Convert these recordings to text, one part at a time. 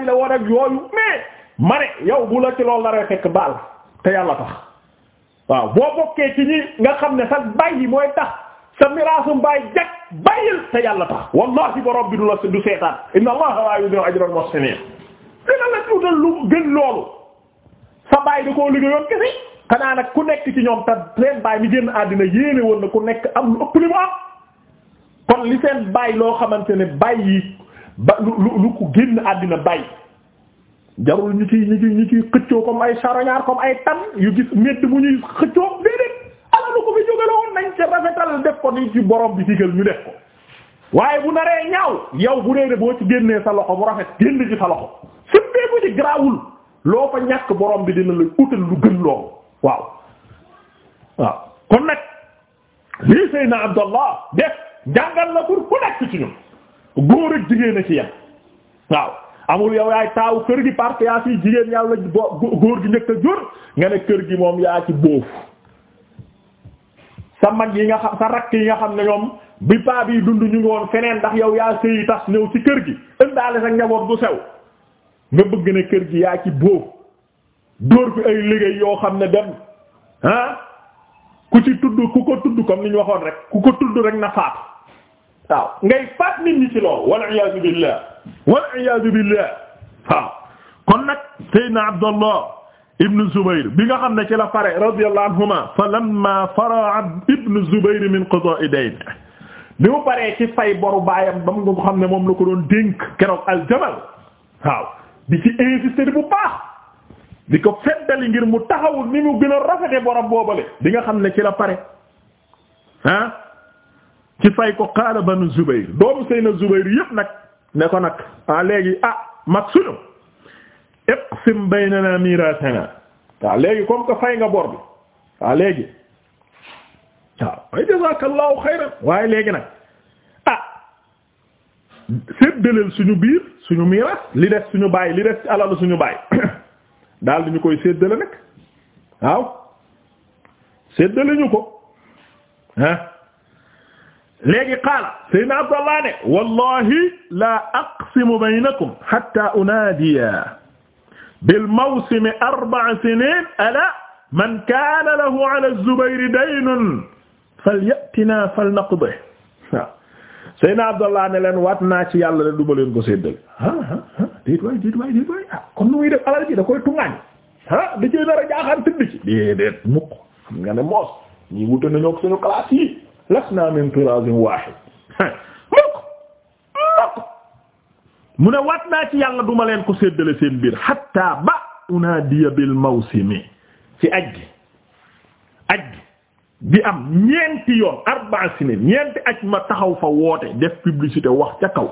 yi la woon ak yooyu mais ma ne yow bu la ci loolu naree fekk baal te yàlla tax waaw boo bokkee ci ñi nga xam ne sa bàyyi mooy tax sa miraasum bàyyi jag bàyyil te yàlla tax wallahi borom bi du la du seetaan inna allaha la yudi'u ajra al-muhsinin dina la tuutal lu gën loolu sa bàyyi da koo liggéeyoon kese xanaa nag ku nekk ci ñoom te seen bàyyi mi génn àddina yéene woon na ku nekk am lu ëpp li am kon li seen bàyyi loo xamante ne bàyyi ba lu lu lu ko génn àddina bàyyi jarul ñu ciy ñu ciy ñu ciy xëccoo comme ay charognard comme ay tan yu gis métti mu ñuy xëccoo déedéet ala lu ko bi jógale woon nañ ci rafetal def ko ni ci borom bi digal ñu def ko waaye bu naree ñaaw yow bu ne boo ci génnee sa loxo bu rafet génn ci sa loxo suppee bu ci garaawul loo fa ñàkk borom bi dina la utal lu gën loolu waaw waaw kon nag lii Seydina Abdallah def jàngal la pour ku nekk ci ñun góor ak jigéen a ci yem waaw amul yow yaay taaw kër gi parce que yaa fi jigéen yàlla góor gi njëkk a jur nga ne kër gi moom yaa ci boof sa mag yi nga xam sa rakk yi nga xam ne ñoom bi paa bi dund ñu ngi woon feneen ndax yow yaa sëyi tas ñëw ci kër gi ëndaale sa njaboot bu sew nga bëgg ne kër gi yaa ci boof dóor fi ay liggéey yoo xam ne dem ah ku ci tudd ku ko tudd comme ni ñu waxoon rek ku ko tudd rek na faatu waaw ngay faat nit ñi ci loolu wal iyaadu billah wal iyaadu billah waaw kon nag sayyidina Abdallah ibn Zubayr bi nga xam ne ci la pare radiyallahu anhuma fa lamma fara ibn Zubayr min qada'i dayn bi mu paree ci fay boru baayam ba mu xam ne moom la ko doon dénk keroog aljamal waaw di ci insister bu baax di ko feddali ngir mu taxawul ni mu gën a rafete borom boobale bi nga xam ne ci la pare ah ci fay ko qaala banu Zubayr doomu Seyna Zubayr yëpp nag ne ko nag ah léegi ah mag suñu iqsim baynana mirathana waaw léegi comme que fay nga bor bi waaw léegi waaw way jazakallahu xayran waaye léegi nag ah séddaleel suñu biir suñu miiraas li des suñu baay li des ci alalu suñu baay daal di ñu koy séddale nag waaw séddale ko ah léegi qaala sayyidina Abdallah ne wallahi la aqsimu baynakum hatta unaadiya bil mawsimi arba'a siniin ala man kaana lahu ala az-Zubayr daynun falyatina falnaqdihi waaw sayyidina Abdallah ne leen waat naa ci yàlla leen du ma leen ko séddale ah ah déet waay déet waay déet waay ah kon nu muy def alal ji da koy tuŋaañ ah da cee nar a jaaxaan tëdd ci déedéet mukk xam nga ne moos ñii wute nañoo ak suñu classe yi lasna min turaabin waahid mukk mukk mu ne waat naa ci yàlla duma leen ko séddale seen biir hatta ba unaadiya bil mawsimi ci aj gi aj gi bi am ñeenti yoon arba'a sinin ñeenti aj ma taxaw fa woote def publicité wax ca kaw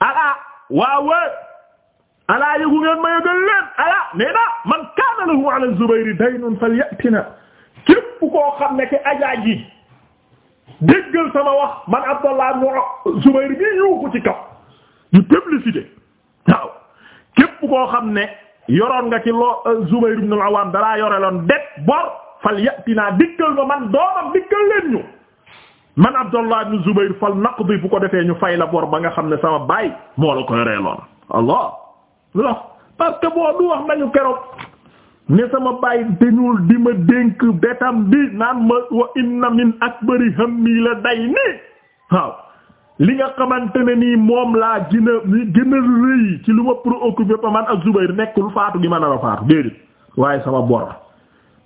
alaa waawee alaa yëgu ngeen ma yëgal leen alaa nee naa man kaana lahu ala zubayri daynun falyatina képp koo xam ne ke ajaa ji déggal sama wax man Abdallah ibn Zubayr bi yuuxu ci kaw yu publicité waaw képp koo xam ne yoroon nga ci loo euh, Zubayr ibn al-Awwam dalaa yoreloon det bor fal yatinaa dikkal ma man doomam dikkal leen ñu man Abdallah ibn Zubayr fal naqdi bu ko defee ñu fay la bor ba nga xam ne sama baay moo la ko yoreeloon Allah parce que boo du wax nañu keroog ne sama bàyyi dañul di ma dénk betam bi naan ma wa inna min akbari hammi la day ni waaw li nga xamante ne nii moom laa gën a gën rëy ci lu ma préoccupé ba man ak Zubayr nekkul faatu gi ma nar a faatu déedéet waaye sama bor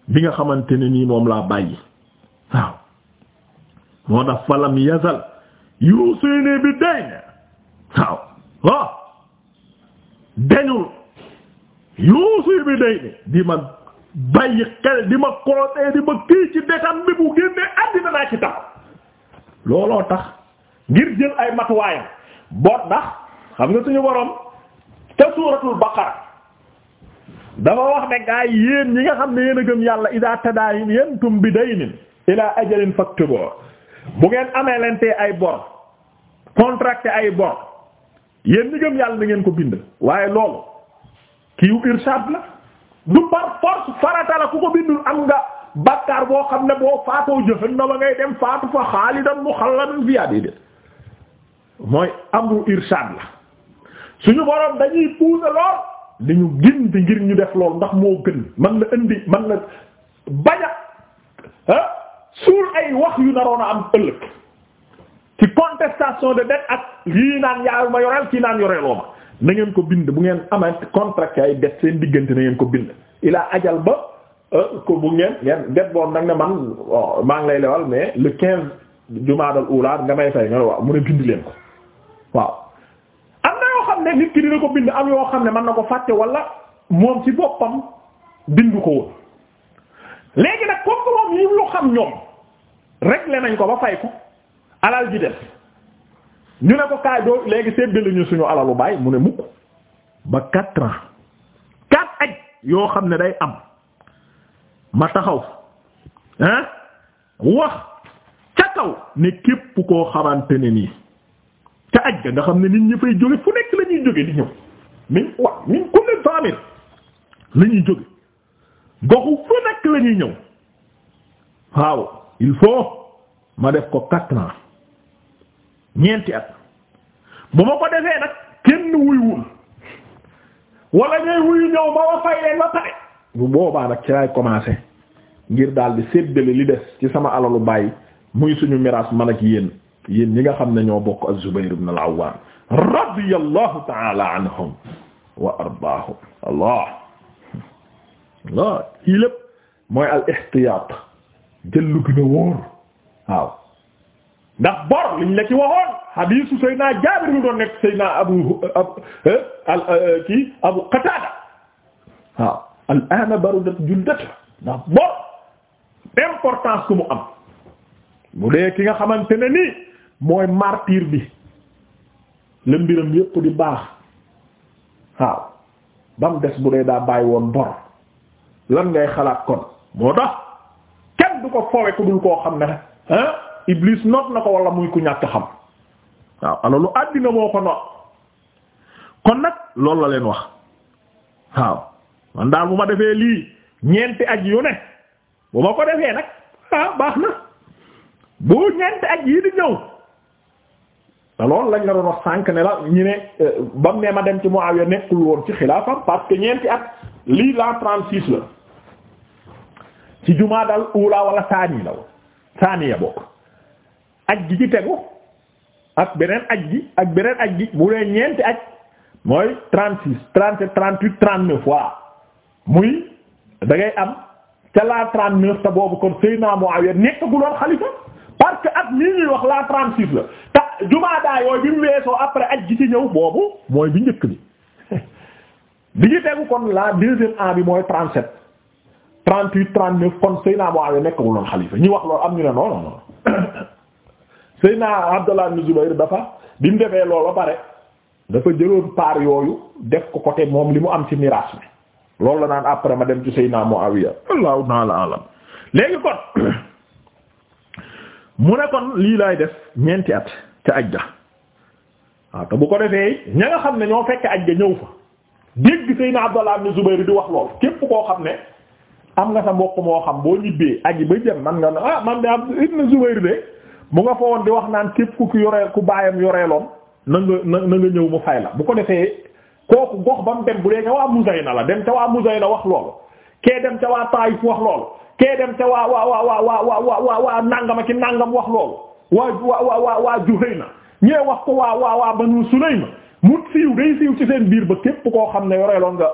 bi nga xamante ne nii moom laa bàyyi waaw moo tax falam yazal yoo séenée bi day waaw waaw yuusi bi day ni di ma bàyyi xel di ma conseil di ma kii ci detam bi bu génnee àddina naa ci tax looloo tax ngir jël ay matuwaayam boot ndax xam nga suñu borom te suuratul baqara dafa wax ne gaa yi yéen ñi nga xam ne yéen a gëm yàlla idaa tadaayantum bi daynin ilaa ajalin faktubu bu ngeen amee lentee ay bor contracté ay bor yéen ñi gëm yàlla na ngeen ko bind waaye loolu kiiw irsaad la du par force farata ku ko bindul am nga bakkaar boo xam ne boo faatoo jahannama ngay dem faatu fa xaalidan muxalladan fiha déedéet mooy amru irsaad la ñu boroom dañuy puusa lool dañu gindi ngir ñu def lool ndax moo gën man la indi man la baña ah suul ay wax yu naroon a am ëllëg ci contestation de dette ak lii naan yaa ma yoreel kii naan yoreeloo ma na ngeen ko bind bu ngeen amee contrat ay def seen diggante na ngeen ko bind ilaa ajal ba euh, ko bu ngeen ngeen det boon nag ne man maa ngi lay lewal mais le quinze jumaadal ulaad nga may fay nga waaw mu ne bind leen ko waaw am na yoo xam ne nit ki dina ko bind am yoo xam ne mën na ko fàtte walla moom ci boppam bindu ko woon léegi nag comme moom yi lu xam ñoom réglé nañ ko ba fay ko alal ji def ñu ne ko kaay doo léegi séddale ñu suñu alalu baay mu ne mukk ba quatre ans quatre aj yoo xam ne day am ma taxaw ah wax ca kaw ne képp koo xamante ne nii ca aj ga nga xam ne nit ñi fay jóge fu nekk la ñuy jóge di ñëw min wax min kulli daamir la ñuy jóge goxu fu nekk la ñëw waaw il faut ma def ko quatre ans ñeenti at bu ma ko defee nag kenn wuyuwul wala ñooy wuyu ñëw ma wa fay leen bu boobaa nag ci lay commencer ngir daal di séddale li des ci sama alalu bàyyi muy suñu miraas man ak yéen yéen ñi nga xam ne ñoo bokk az-Zubayr ibn al-Awwam radiyallahu ta'ala anhum wa ardaahum allah allah lépp mooy al jël lu gën a wóor waaw ndax bor liñ la ci waxoon hadiisu Seydina Jaabir mu doon nekk Seydina Abu eh, al eh, kii Abu Qataada waaw al-aana barudat juldatuhu ndax bor importance ku mu am bu dee ki nga xamante ne nii mooy martyr bi la mbiram yépp di baax waaw ba mu des bu dee daa bàyyi woon bor lan ngay xalaat kon moo tax kenn du ko fowe ku dul koo xam ne ah iblis noot na ko wala muy ku ñàkk xam waaw alalu àddina moo ko noot kon nag loolu la leen wax waaw man daal bu ma defee lii ñeenti aj yu ne bu ma ko defee nag ah na bu ñeenti aj yi di ñëw te loolu lañ la doon wax sànq ne la ñu ne euh, ba ne ma dem ci Muawiya nekkul woon ci xilaafam parce que ñeenti at lii la trente ci jumaa dal ula wala saani la woon saani ya bokk aj gi ci tegu ak beneen aj gi ak beneen aj gi bu dee ñeenti aj mooy trente six trente sept trente huit trente neuf waaw muy da am ca la trente neuf te boobu kon Seydina Muawiya nekkaguloon xalifa parce que at mii ñuy wax la trente six la te jumaa daa yooyu bi weesoo après aj gi ci ñëw boobu mooy bi njëkk bi bi ñu tegu kon la deuxième en bi mooy trente sept trente huit trente neuf kon Seydina Muawiya nekkaguloon xalifa ñu wax loolu am ñu ne non non Seyna Abdallah ibn Zubayr dafa bi mu defee loolu ba pare dafa jëloon paar yooyu def ko côté moom li mu am ci miraas bi loolu la naan après ma dem ci Seyna Muawiya allahu ta'ala alam léegi kon mu ne kon lii laay def ñeenti at ca ajja waaw ah, te bu ko defee ña nga xam ne ñoo fekk ajja ñëw fa dégg Seyna Abdallah ibn Zubayr di wax lool képp koo xam ne am nga sa mbokk moo xam boo ñibbee aji ba jëm man nga ah man de Ibn Zubayr de. mu nga fa woon di wax naan képp ku yoree ku baayam yoreeloon na nga na nga ñëw mu fay la bu ko defee kooku gox ba mu dem bu dee ca waa Muzayna la dem ca waa Muzayna wax loolu kee dem ca waa Taayif wax loolu kee dem ca waa waa waa waa waa waa waa nangam ak nangam wax loolu waa waa waa waa Juhayna ñee wax ko waa waa waa Banu Sulaym mu siiw day siiw ci seen biir ba képp koo xam ne yoreeloon nga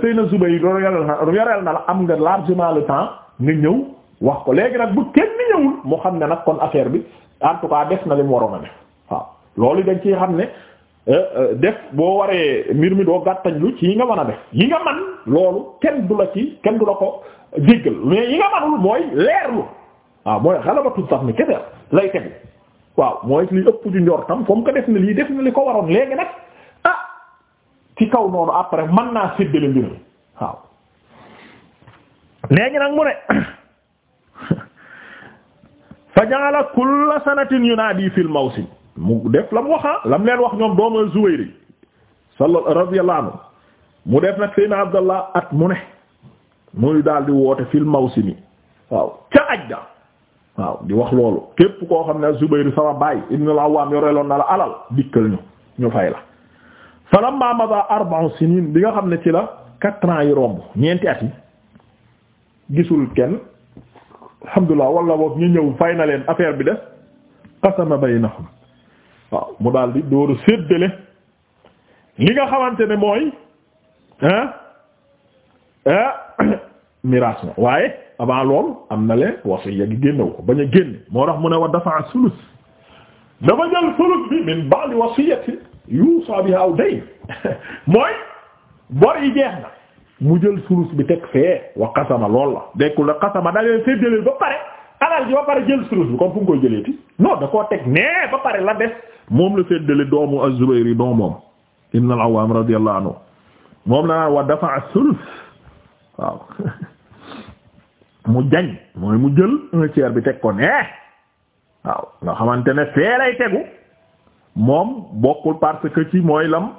Seyna Zubayr yoreel na la am nga largement le temps nga ñëw. wax ko léegi nag bu kenn ñëwul mu xam ne nag kon affaire bi en tout cas def na li waroon a def waaw loolu dañ ci xam ne eh, eh, def boo waree mbir mi doo lu ci yi nga mën a def yi nga man loolu kenn du la ci kenn du la ko jéggal mais yi nga manul mooy leerlu waaw mooy xalabatul sax ni kese lay tegu waaw mooy li ëpp ju njortam comme que def na lii def na li ko waroon léegi nag ah ci kaw noonu après man naa séddale mbir mi waaw léegi nag mu ne fa ja'ala kulla sanatin yunaadi fil mawsim mu def la mu waxa la mu leen wax ñoom doomu Zubayri sallallahu radiyallahu anhu mu def nag Seydina Abdallah at mu ne muy daal di woote fil mawsimi waaw ca ajda waaw di wax loolu képp koo xam ne Zubayru sama baay ibn al-Awwam yoreloon na la alal dikkal ñu ñu fay la falamma mada arba'u sinin bi nga xam ne ci la quatre ans yi romb ñeenti at yi gisul kenn alhamdulilah wala boog ñu ñëw fay na leen affaire bi def qasama baynahum waaw mu daal di dóoru séddale li nga xamante ne mooy ah ah miraas ma waaye avant loolu am na leen wasiya gi génnewu ko bañ a génne moo tax mu ne wa dafa sulus dafa jël sulus bi min ba'di wasiyati yusa biha aw dayn mooy bor yi jeex na mu jël sulus bi teg fee wa qasama lool la dekkul la qasama da leen ba pare alal ji ba pare jël sulus bi kon fu mu koy jëleeti non da koo teg nee ba la moom la séddale doomu zubayr yi doom moom ibn al-Awwam radiyallahu anhu la wa dafa sulus waaw mu jañ mooy mu jël un tiers bi teg ko nee waaw nga xamante ne fee lay tegu moom bokkul parce que ci mooy lam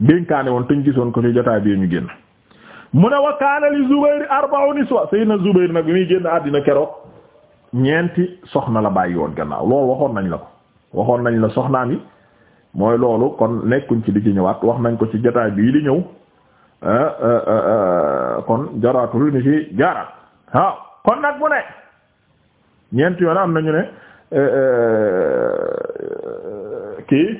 dénkaane woon te ñu gisoon ko ci jotaay bi ñu génn mu ne wa kaana li Zubayr arba'u niswa Seydina Zubayr nag muy génn àddina keroog ñeenti soxna la bàyyi woon gannaaw loolu waxoon nañ la ko waxoon nañ la soxnaam yi mooy loolu kon nekkuñ ci di ci ñëwaat wax nañ ko ci jotaay bii di ñëw ah, ah, ah, kon jaraatul ni ci jaaraat waaw nag mu ne ñeenti yoon am nañu ne eh, eh, kii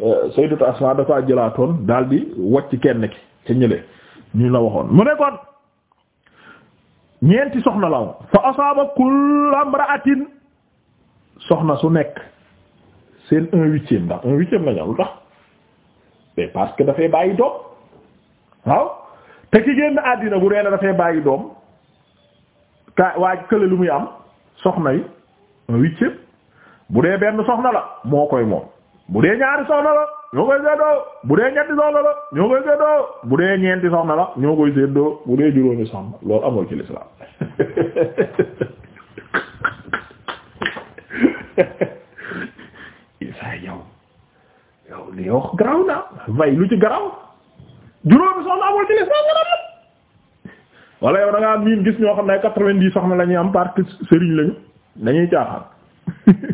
eh, Sayyidatu Asma dafa jëlaatoon daal di wacc kenn ki ca ñële ñu la waxoon mu ne kon ñeenti soxna la woon fa asaaba kull amraatin soxna su nekk seen un huitième ndax un huitième lañu lu tax mais parce que dafay bàyyi doom waaw te ki génn àddina bu reena dafay bàyyi doom ka waa kële lu muy am soxna yi un huitième bu dee benn soxna la moo koy moom bu dee ñaari soxna la ñoo koy seddoo bu dee ñetti soxna la ñeenti soxna la ñoo koy seddoo bu dee juróomi soxna loolu amul ci lislaam saa yow yow li wax garaw na vay lu ci garaw juróomi soxna amul ci lislaam nga yow da miin gis ñoo xam ne ay quatre-vingt-dix soxna la ñuy am parce que sëriñ lañu dañuy caaxaan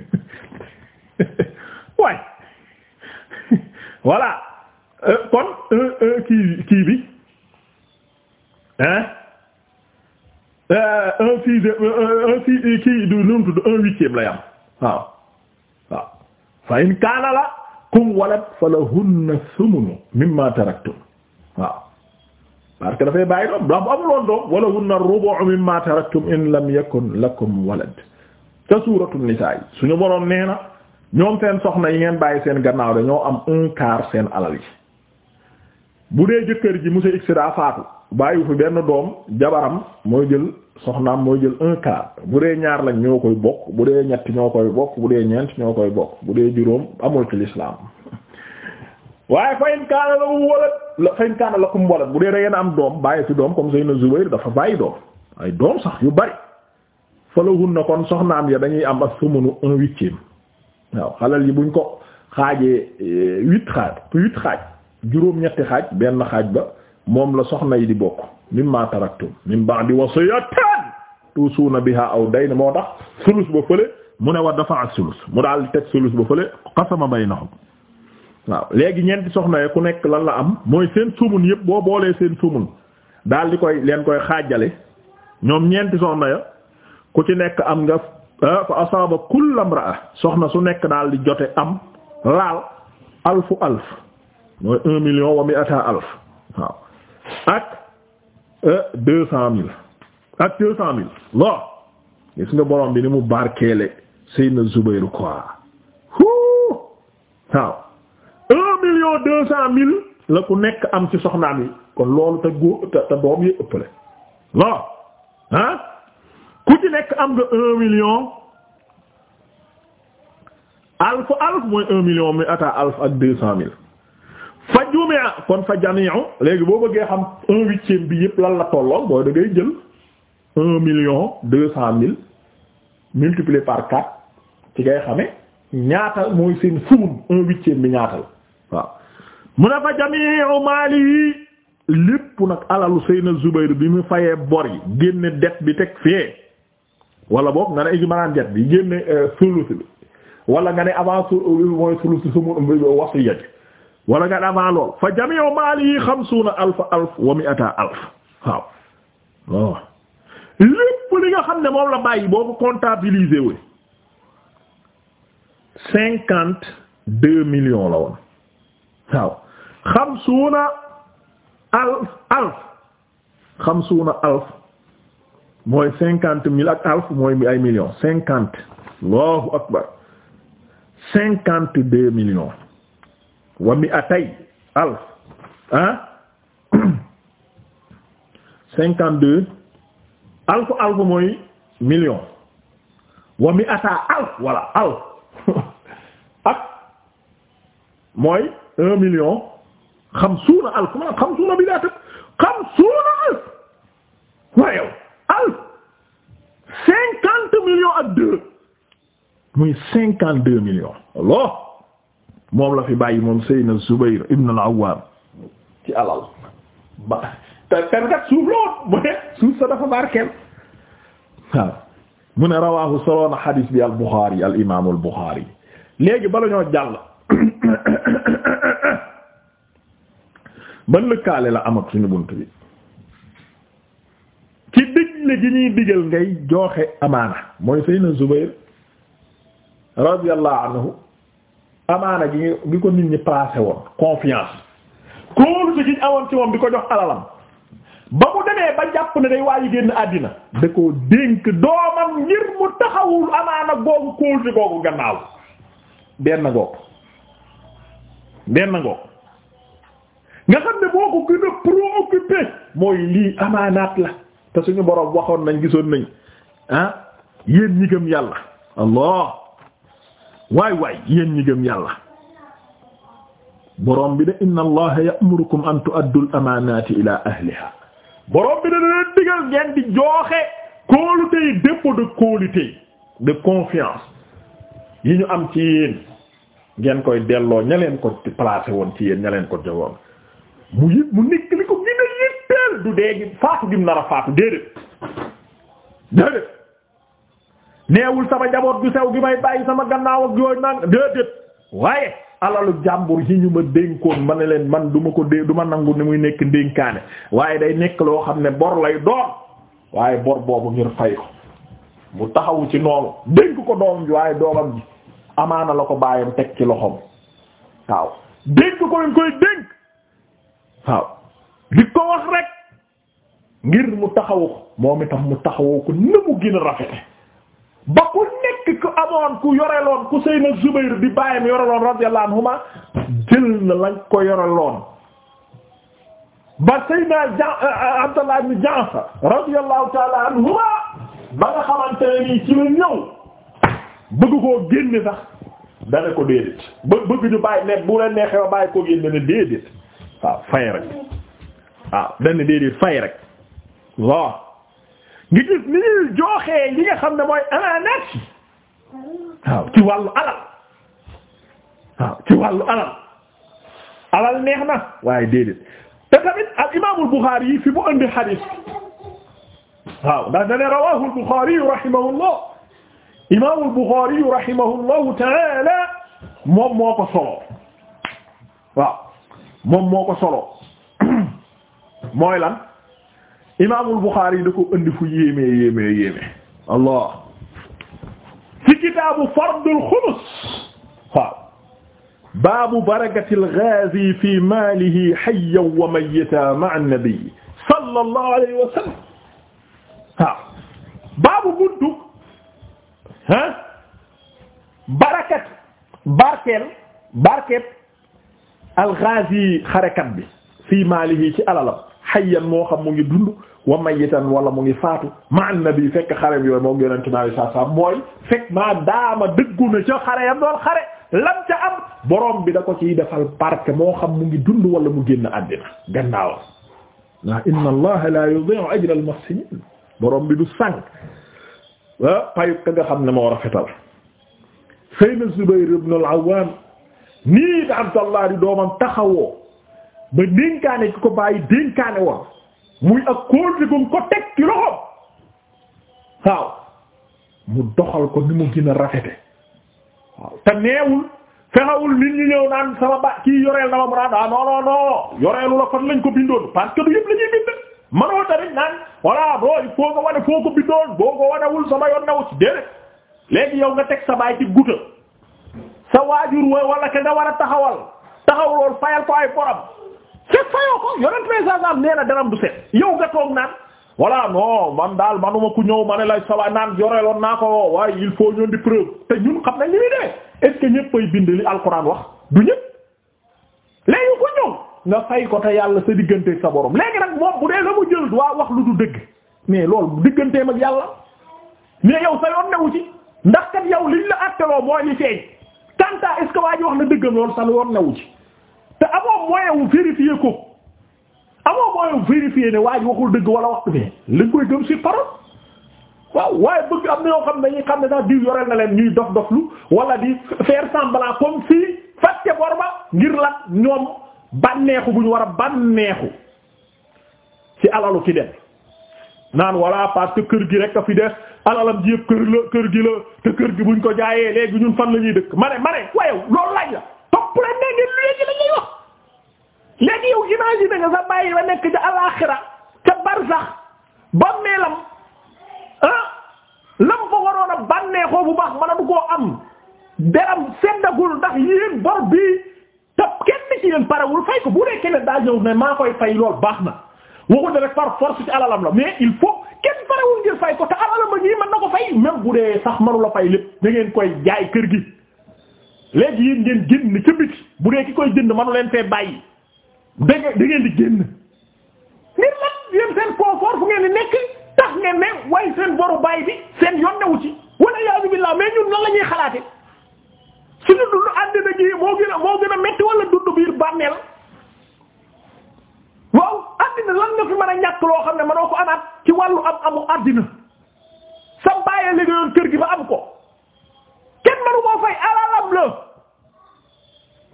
voilà euh, kon euh, euh, kii kii bi hein un fils de un fils kii du nu mu tudd un huitième lay am waaw waaw fa in kaana la kum walad falahunna sumunu mimma taraktum waaw parce que dafay bàyyi doom daa bu amuloon doom wala hunna rubu'u mimma taraktum in lam yakun lakum walad ca suuratu nisaa yi suñu boroom nee na ñoom seen soxna yi ngeen bàyyi seen gannaaw dañoo am un quart seen alal yi bu dee jëkkër ji monsieur X daa faatu bàyyi fi benn doom jabaram mooy jël soxnaam mooy jël un quart bu dee ñaar lañ ñoo koy bokk bu dee ñett ñoo koy bokk bu dee ñeent ñoo koy bokk bu dee juróom amul ci lislaam waaye fayin kaana la mu walat bu dee da ngeen am doom bàyyi fi doom comme Seydina Zubayr dafa bàyyi doom waaye doom sax yu bari falahun na kon soxnaam ya dañuy am ak sumunu waaw xalal yi buñ ko xaajee eh, huit xaaj huit xaaj juróom-ñetti xaaj benn xaaj ba moom la soxna yi di bokk mimma taraktum min ba'di wasiyatin bi biha aw dayn moo tax sulus ba fële mu ne war dafa ak sulus mu daal teg sulus ba fële qasama baynahum waaw léegi ñeenti soxna ku nekk lan la am mooy seen sumun yëpp boo boolee seen sumun daal di koy leen koy xaajale ñoom ñeenti soxna ya ku ci nekk am nga Ah, fa asaaba kullu imra'a soxna su nekk daal di jote am laal alfu alf mooy un alf ak eh, deux cent mille ak deux cent mille lo gis nga borom bi ni mu barkeele Seydina Zubayru quoi huu waaw un million deux cent mille la ku nekk am ci soxnaam yi kon loolu te góor te doom yi ëppale lo ah ku ci nekk am nga un million alf alf mooy un million mi ata alf ak deux cent mille fa jumia kon fa jamiu léegi boo bëggee xam un huitième bi yëpp lan la tollool boo da ngay jël un million deux cent mille multiplié par quatre ci ngay xame ñaatal mooy seen sumun un huitième bi ñaatal waaw mu ne fa jamiu maali yi lépp nag alalu Seydina Zubayr bi mu fayee bor génne dette bi teg fee wala boog nga ne ijmalaan bi génne euh, sulus bi wala nga ne avant su euh, mooy sulus sumu euh, wasiyya wala nga ne avant lool fa jami'u maali yi xamsuuna alfa alf wa mi'ata alf waaw lépp li nga xam ne moom la bàyyi boo ko comptabiliser wu cinquante deux millions la woon waaw xamsuuna alf alf xamsuuna alf mooy cinquante mille ak alf mooy ay millions cinquante allahu akbar cinquante deux millions wa atay alf ah cinquante deux alf alf mooy million wa ata alf voilà alf ak mooy un million xamsuuna alf maanaam xamsuuna bi daa tëb xamsuuna cinquante millions ak deux muy cinquante deux millions Allah moom la fi bàyyi moom Seydina Zubayr ibn al-Awwam ci alal ba te kat suuf lool mu ne suuf sa dafa barkeel waaw mu ne rawaahu soloona xadiis bi al-Bukhari al imaam al-Bukhari léegi bala ñoo jàll ban lëkkaale la am ak suñu bunt bi digle gi ñuy digal ngay joxe amaana mooy Seydina Zubayr radiyallahu anhu amaana gi gi ko nit ñi placé woon confiance kóolute gi ñu awoon ci moom di ko jox alalam ba mu demee ba jàpp ne day waayi génn àddina da koo dénk doomam ngir mu taxawul amaana googu kóolute googu gannaaw benn ngoog benn ngoog nga xam ne boo ko gën a préoccupé mooy lii amaanaat la te suñu boroom waxoon nañ gisoon nañ ah yéen ñi yàlla allah waay waay yéen ñi yàlla boroom bi de inna allaha ya'murukum an tu'addu al-amanati ila ahliha boroom bi de leen digal ngeen di jooxe kóolute yi dépôt de qualité de confiance yi ñu am ci yéen ngeen koy delloo ña leen ko placé woon ci yéen ña leen ko jowoon mu yëpp mu nekk li ko dëgg du dee gi faatu gim nar a faatu déedéet déedéet neewul sama njaboot gu sew gi may bàyyi sama gannaaw ak yooyu naan déedéet waaye alalu jàmbur yi ñu ma dénkoon ma ne leen man duma ko dé du ma nangu ni muy nekk dénkaane waaye day nekk loo xam ne bor lay doon waaye bor boobu ngir fay ko mu taxawu ci noonu dénk ko doom ji waaye doomam ji amaana la ko bàyyam teg ci loxoom waaw dénk ko lañ koy dénk waaw di ko wax rek ngir mu taxawu ko moom itam mu taxawoo ko ni mu gën a rafete ba ku nekk ku amoon ku yoreloon ku Seydina Zubayr di bàyyam yoreloon radiyallahu anhuma jël na lañ ko yoreloon ba Seydina ja eh, Abdallah ibn Jaafar radiyallahu ta'ala anhuma ba nga xamante ne ci la ñëw bëgg koo génne sax dana ko déedéet ba bëgg ñu bàyyi ne bu leen neexee bàyyi koo génne ne déedéet waaw fay rek waaw dana déedéet fay rek. waaw ngi gis ni ñuy jooxee li nga xam ne mooy amaanaat yi ci wàllu alal waaw ci wàllu alal alal neex na waaye déedéet te al imaamul Buxaari fi mu indi xadiis waaw ndax dane rawaahul Buxaari rahimahullah imaamul Buxaari rahimahullahu ta'ala moom moo ko solo waaw moom moo ko solo mooy lan imaamul Buxaari yi da ko indi fu yéeme yéeme yéeme allah ci kitaabu fardul xumus waaw baabu barakatil gaazi fi maalihi hayyan wa mayyitan ma'a an-nabi sallallahu alayhi wa sallam waaw baabu buntu ah barakat barkeel barket al gaazi xarekat bi fi maalihi ci alalam hayyan moo xam mu ngi dund wa mayitan wala mu ngi faatu ma annabi fekk xarem yooyu moom yonente bi alei sat selam mooy fekk maa daama dëggu na ca xare yam doon xare lam ca am borom bi da ko ciy defal parke moo xam mu ngi dund wala mu génn àddina gannaaw la inna allaha la yudi'u ajra al muhsinin borom bi du sànq ah payut ka nga xam ne moo rafetal sayna Zubayr ibn al-Awwam nii da Abdallah di doomam taxawoo ba dénkaane ki ko bàyyi dénkaane woon muy ak kóol gum ko teg ci loxoom waaw mu doxal ko ni mu gën a rafete waaw te neewul fexewul nit ñi ñëw naan sama ba kii yoreel na ma mu naan ah non non yoreelu la fan lañ ko bindoon parce que du yëpp la ñuy bind manoo tamit naan voilà boo il nga wane foo ko bindoon boo ko wanewul sama yoon na ci déedéet léegi yow nga teg sa baay ci guta sa waajur wala ka nga war a taxawal taxaw taxawlool fayal ko ay borom. fekk fayoo ko yonent may saasaam nee na deram du set yow nga toog naan voilà non man daal manuma ku ñëw ma ne la sawa naan yoreeloon naa ko waaye il faut ñoon di preuve te ñun xam nañ li muy demee est-ce bind li alxuraan wax du ñëpp léegi ko te yàlla sa diggante sa borom léegi nag moom dee la mu jël waa wax lu du dëgg mais loolu digganteem mag yàlla mais yow sa yoon newu ci ndax kat yow liñ la atteloo mooy li feeñ tant est-ce que waa ji wax na dëggam loolu sa yoon newu ci te amoo moyen wu vérifier ko amoo moyen vérifier ne waaye waxul dëgg wala waxtu bi lañ koy gëm ci parole waaw waaye bëgg am na yoo xam ne dañuy xam ne sax diw yoreel na leen ñuy dof doflu wala di faire semblant comme fii fàtte bor ngir la ñoom bànneexu bu ñu war a bànneexu ci alalu ki dem naan voilà parce que kër gi rek a fi def alalam ji yëpp kër la kër gi la te kër gi buñ ko jaayee léegi ñun fan la ñuy dëkk ma ne ma loolu laaj la problème ne ngeen léegi la ñuy wax léegi sa bàyyi ba nekk ca alaaxira ca barzax ba meelam ah, ko waroon bànneexoo bu baax mën a koo am deram seddagul ndax yéen bor bii te kenn ci yéen parawul fay koy fay baax na waxu ne rek par force ci alalam la mais il faut kenn parawul ngir fay ko te alalam ba ñii mën na ko fay même bu dee sax mënu la fay lépp da ngeen koy jaay kër gi léegi yéen ngeen génn ca biti bu dee ki koy jënd manu leen fee bàyyi da ngeen di génn ngir lan yéen seen confort fu ngeen di nekk tax ngeen ne waaye seen boru bàyyi bi seen yoon newu ci wala yaa billah mais ñun lan la ñuy xalaate suñu dund àddina gi moo gën a moo gën a metti wala dund biir bànneel waaw àddina lan nga fi mën a ñàkk loo xam ne mënoo ko amaat ci wàllu am amu àddina sa bàyyee liggéeyoon kër gi ba am ko loolu moo fay alalam la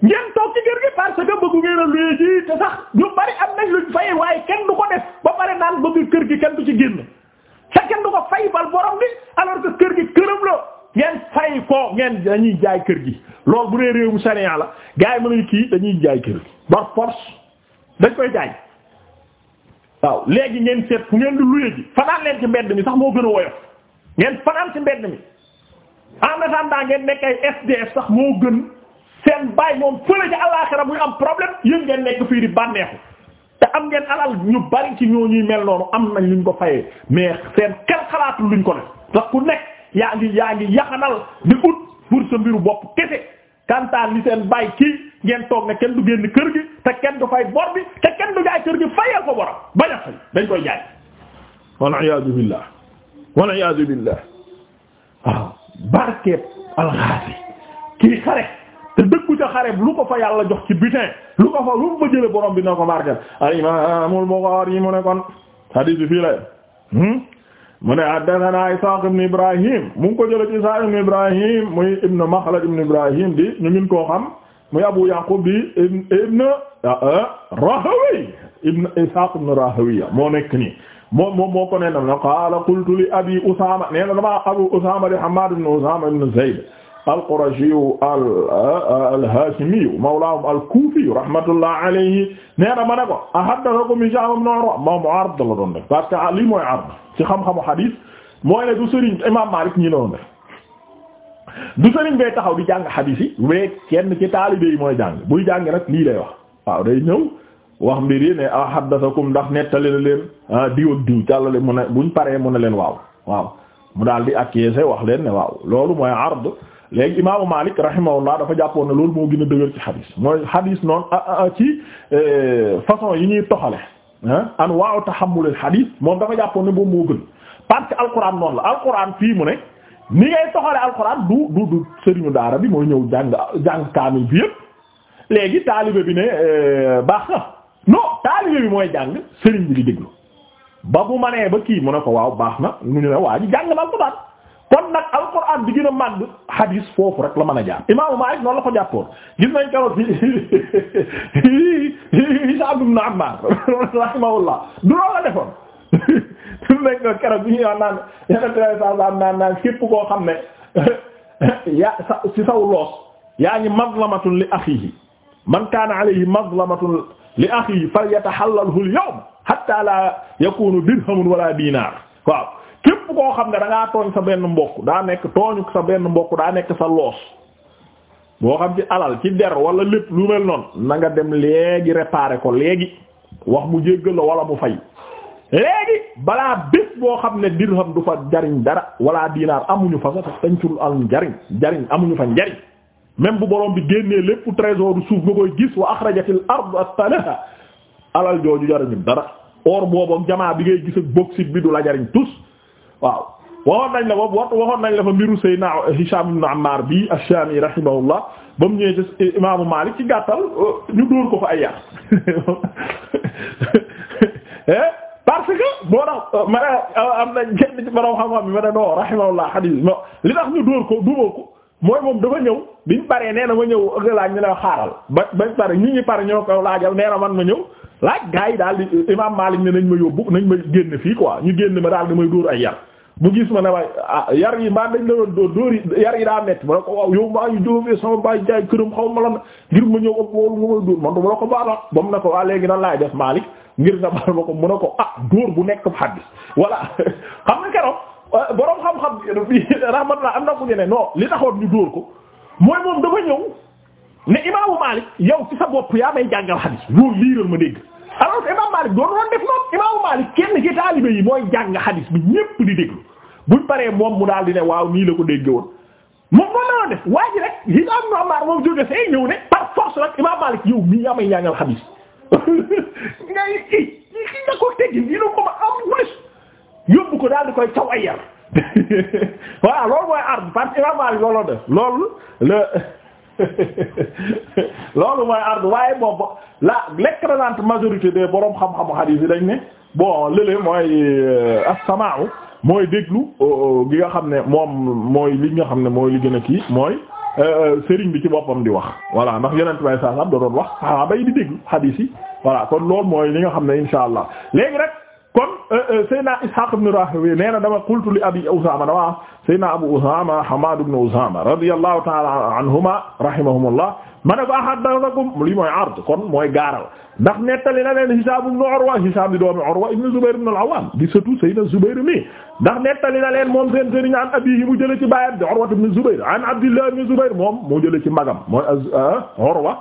ngeen toog ci kër gi parce que bëggu ngeen a luyee ji te sax ñu bari am nañ luñ fay waaye kenn du ko def ba pare naan bëgg kër gi kenn du ci génn te kenn du ko fay bal borom bi alors que kër gi këram la ngeen fay ko ngeen dañuy jaay kër gi loolu bu dee réewum sariya la gars yi mën nañu kii dañuy jaay kër gi par force dañ koy jaay waaw léegi ngeen seet fu ngeen di luyee ji fanaan leen ci mbedd mi sax moo gën a woyof ngeen fanaan ci mbedd mi. en attendant ngeen nekk ay sax moo gën seen baay moom fële ca àllaxira muy am problème yéen ngeen nekk fii di bànneexu te am ngeen alal ñu bari ci ñoo ñuy mel noonu am nañ luñ ko fayee mais seen xel xalaatul luñ ko def ndax ku nekk yaa ngi yaa ngi yaxanal di ut pour sa mbiru bopp kese kantaan li seen baay kii ngeen toog ne kenn du génn kër gi te kenn du fay bor bi te kenn du jaay kër gi fayal ko borom bañ a fay dañ koy jaay. wal iyaadu billah wal barkeeb alxaasi kii xare te dëkku ca xare lu ko fa yàlla jox ci butin lu ko fa lu mu fa jële borom bi na ko barkeeb al imaamul Buxaari mu ne kon hadiis bi fii la hmm? mu ne haddathana Isaaq ibn Ibrahim mu ngi ko jële ci Isaaq ibn Ibrahim muy ibn Makhlad ibn Ibrahim di ñu ngin koo xam muy Abu Yaqub di ibn ah, ah, Rahawi ibn Isaaq ibn Rahawiya moo nekk nii moom moom moo ko nee na qaala abu Usaama de Hammaad ibn Usaama ibn Zayd al-Qurashi al-Haashimi mawlaahum al-Kuufi rahmatullah alayhi nee na ma ne ko ahaddathakum Hishaam ibn Urwa moom ard la doon def parce que ah lii mooy ard ci xam-xamu hadiis mooy ne du Serigne Imaam Maalik ñi la doon def du Serigne bay taxaw di jàng hadiis yi mais kenn ci taalibe yi mooy jàng buy jàng nag lii lay wax waaw day wax mbir yi ne a ah, haddathakum ndax nettali na leen ah diw ak diw jàllale mu ne buñ paree mu ne leen waaw waaw mu daal di acquiescer wax leen ne waaw loolu mooy ard léegi imaamu Malik rahimahullah dafa jàppoon ne loolu moo gën a dëgër ci xadis mooy xadis noonu ah, ah, ci eh, façon yi ñuy toxale ah anwa'u tahammul xadis moom dafa jàppoon ne moom moo gën parce que alquran noonu la alquran fii mu ne ni ngay toxale alquran du du du sëriñu daara bi mooy ñëw jàng jàng kaamil bi yëpp léegi taalibe bi ne eh, baax na. non taalibe bi mooy jàng sëriñ bi di déglu ba bu manee ba kii mu ne ko waaw baax na ñu ne waa ji jàng na alquran kon nag alquran bi gën a màgg hadis foofu rek la man a jaar imaamu Maalik noonu la ko jàppoon gis nañ karoot fi Hishaam ibn Ammaar rahimahullah du loolu la defoon du nañ ko keroog bi ñuy wax naan yenentway sasam naan naan képp koo xam ne ya sa si saw loos yaa ngi mazlamatun li akhihi man kaana alayhi mazlamatun li akhihi falyatahallalhu al-yawm hatta la yakunu dirhamun wala dinar waaw képp koo xam ne da tooñ sa benn mbokk daa nekk tooñu sa benn mbokk daa nekk sa loos boo xam ci alal ci der wala lépp lu mel noon na nga dem léegi réparer ko léegi wax mu jéggal la wala mu fay léegi balaa bés boo xam ne dirham du fa jariñ dara wala dinar amuñu fa sax dañ ci am jariñ jariñ amuñu fa njariñ même bu borom bi génnee lépp trésor du suuf nga koy gis wa axrajatil ardu asfalaha alal jooju jariñu dara or boobu jamaa bi ngay gis ak bi du la tus waaw waxoon nañ waxoon nañ la fa mbiru Seydina Hisham ibn Ammar bi ash-Shami rahimahullah ba mu ñëwee ci imaamu Malik ci gàttal ñu dóor ko fa ay yar eh, parce que boo tax ma am na ñenn ci borom xam-xam bi ma ko duma ko. mooy moom dafa ñëw biñ paree nee na ma ñëw laaj ñu ne xaaral ba bañ pare ñu ñi pare ñoo ko laajal nee na man ma ñëw laaj gars yi daal di imam Malik ne nañ ma yóbbu nañ ma génn fii quoi ñu génn ma daal di may dóor ay yar mu gis ma ne ma ah yar yi maa dañ la doon dóor dóor yi yar yi daa metti ma ne ko waaw yow maa ngi jógee sama baay jaay këram xaw ma lan ngir ma ñëw ak woolu nga may dóor ko baala ba mu ne ko waa léegi nan laay def Malik ngir nga baal ma ko mu ne ko ah dóor bu nekk xaddis voilà xam nga keroog Euh, borom xam-xam bi rahmatullah am na ku ñu ne non li taxoon ñu dóor ko mooy moom dafa ñëw ne imaamu Malik yow ci sa bopp yaa may jàngal xadiis loolu liiral ma dégg alors que imaamu Malik kenn ci taalibe yi mooy jàng xadiis bi ñépp di déglu buñ paree moom mu daal di ne waaw nii la ko dégg woon moom moom la doon def waa ji rek yi am na amaar moom jóge fee ñëw ne par force rek imaamu Malik yow mii yaa may jàngal xadiis ngay i i nga ko teggi yi yóbbu ko daal di koy caw ay yar waaw loolu mooy ard parce que imam Maalik loolu la loolu mooy ard waaye moom la l'écrasante majorité de boroom xam-xamu hadith yi dañ ne bon léeg-léeg mooy euh, as-samaa'u mooy déglu euh, euh, gi nga xam ne moom mooy li nga xam ne mooy li gën a kii mooy sëriñ bi ci boppam di wax voilà ndax yeneen tubaab saa saa da doon wax ah bay di déglu hadith yi voilà kon loolu mooy li nga xam ne insha allah léegi rek. kon euh, euh, Seydina Ishaq ibn Rahowi nee na dama qultu li Abi Usaama dama Seydina Abu Usaama Hammaad ibn Usaama radiyallahu ta'ala anhuma rahimahumullah ma ne ko ahaddathakum lii mooy ard kon mooy gaaral ndax nettali na leen Hishaam ibn Urwa Hishaam di doomi Urwa ibn Zubayr ibn al-Awwaam di sëtu Seydina Zubayr mi ndax nettali na leen moom seen sëriñ an abiihi mu jële ci baayam di Urwa ibn Zubayr an Abdullah ibn Zubayr moom mu jële ci magam mooy euh, Urwa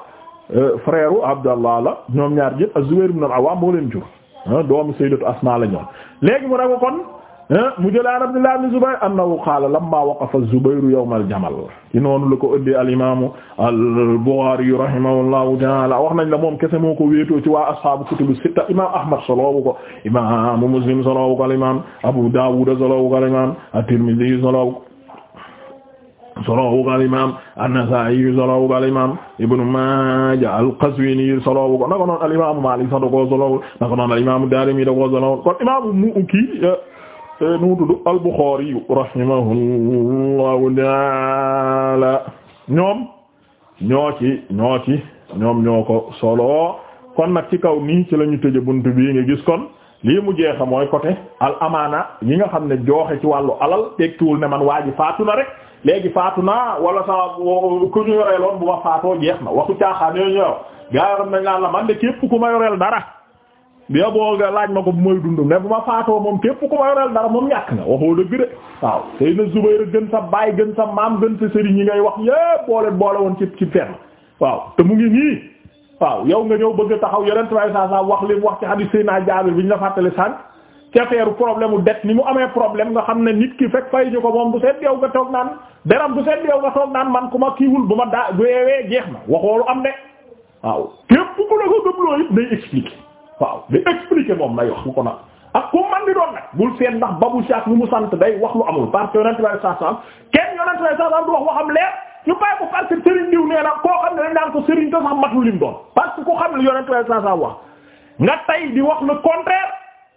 frère Abdallah la ñoom ñaar ñépp az-Zubayr ibn al-Awwaam moo leen jur Ah doomu sayyidatu Asmaa la ñoom léegi mu ne kon ah mu jëlaan Abdullah ibn Zubayr annahu qaala lamma waqafa Zubayr yawmal jamal ci noonu la ko ëndee al imaamu al Buxaari rahimahullahu taala wax nañ la moom kese moo ko wéetoo ci waa ashaabu kutubu sitta imaam Ahmad soloobu ko imaamu Muslim soloobu ko al imaam Abu Daawuud soloobu ko al imaam at-Tirmidhi soloobu solowu ko alimam an-Nasaa'i yu solowu ko alimam Ibnu Maaja al-Qazwiini solowu ko naka noonu alimamu Maalik sax da koo solowul naka noonu alimamu Daarimi da koo solowul kon imamu mu kii eh, eh, nu tudd al-Buxaari rahimahullahu taala ñoom ñoo ci ñoom ñoo solo kon nag ci kaw nii ci la ñu tëje bunt bii nga gis kon lii mu mooy côté al amaana yi nga xam ne jooxe ci wàllu alal tekkiwul ne man waa ji faatu na rek léegi faatu naa wala sa ku ñu yoree loon bu ma faatoo jeex na waxu caaxaan yooyu ñëw gaa xam nañ naan la man de képp ku ma yoreel dara bia boo nga laaj ma ko bu may dundum ne bu ma faatoo moom képp ku ma yoreel dara moom ñàkk na waxoo dëgg de waaw tey na Zubayr gën sa baay gën sa maam gën sa sëriñ ñi ngay wax yépp boole boole woon ci ci fenn waaw te mu ngi nii waaw yow nga ñëw bëgg taxaw yorent way saa saa wax li wax ci hadith Seydina Jaabir bi ñu la fàttali sànq ci affaire problème u det ni mu amee problème nga xam ne nit ki fekk fay ñu ko moom du seet yow nga toog naan deram du seet yow nga toog naan man ku ma kiiwul bu ma daa weewee jeex na waxoolu am de waaw képp ku la ko gëmloo it day expliquer waaw day expliquer moom nay wax lu ko nag ak ku man di doon nag bul seet ndax babu shaak nu mu sant day wax lu amul parce que yonent way sasan kenn yonent way sasan du wax waxam leer ñu bàyyi ko parce que Serigne nee na koo xam ne dañ naan ko Serigne te sax matul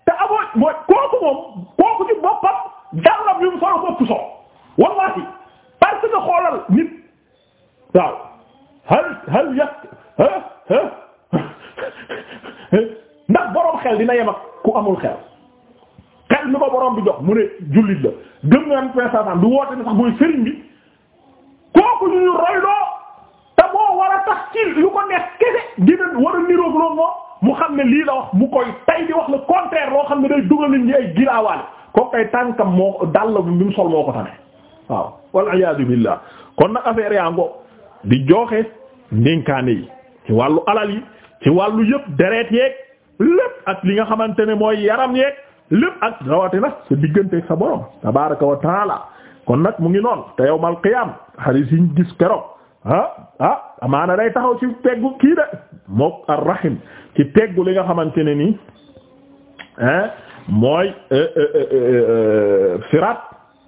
te amoo mooy kooku moom kooku ci boppam dàllam yu mu solo bopp so wallahi parce que xoolal nit waaw hal hal yàq ndax boroom xel dina yem ak ku amul xel xel mi ko boroom bi jox mu ne jullit la gëm nga am prestation du woote ne sax mooy sëriñ bi kooku ñu ñu royloo te moo war a tax ci yu ko neex kese dina war a niroog loolu moom. mu xam ne lii la wax mu koy tay di wax le contraire loo xam ne day dugal nit ñi ay giraawaale kooku ay tànkam moo dàll bi mu sol moo ko tane waaw wal iyaadu billah kon nag affaire yaa ngo di jooxe ndénkaane yi ci wàllu alal yi ci wàllu yëpp deret yeeg lépp ak li nga xamante ne mooy yaram yeeg lépp ak rawatina sa digganteeg sa borom tabaaraka wa kon nag mu ngi noonu te yawmal qiyaam xarit yi ñu gis keroog ah ah amaana day taxaw ci teggu kii de mook arrahim ci teggu li nga xamante ne nii mooy euh, euh, euh, sirat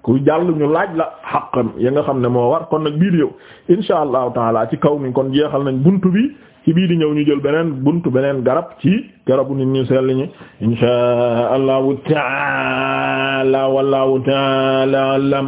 ku jàll ñu laaj la xaqam ya nga xam ne moo war kon nag bii di ñëw insha allahu taala ci kaw mi kon jeexal nañ bunt bi ci bii di ñëw ñu jël beneen bunt beneen garab ci garabu nit ñu sell ñi insha allahu taala wallahu taala alam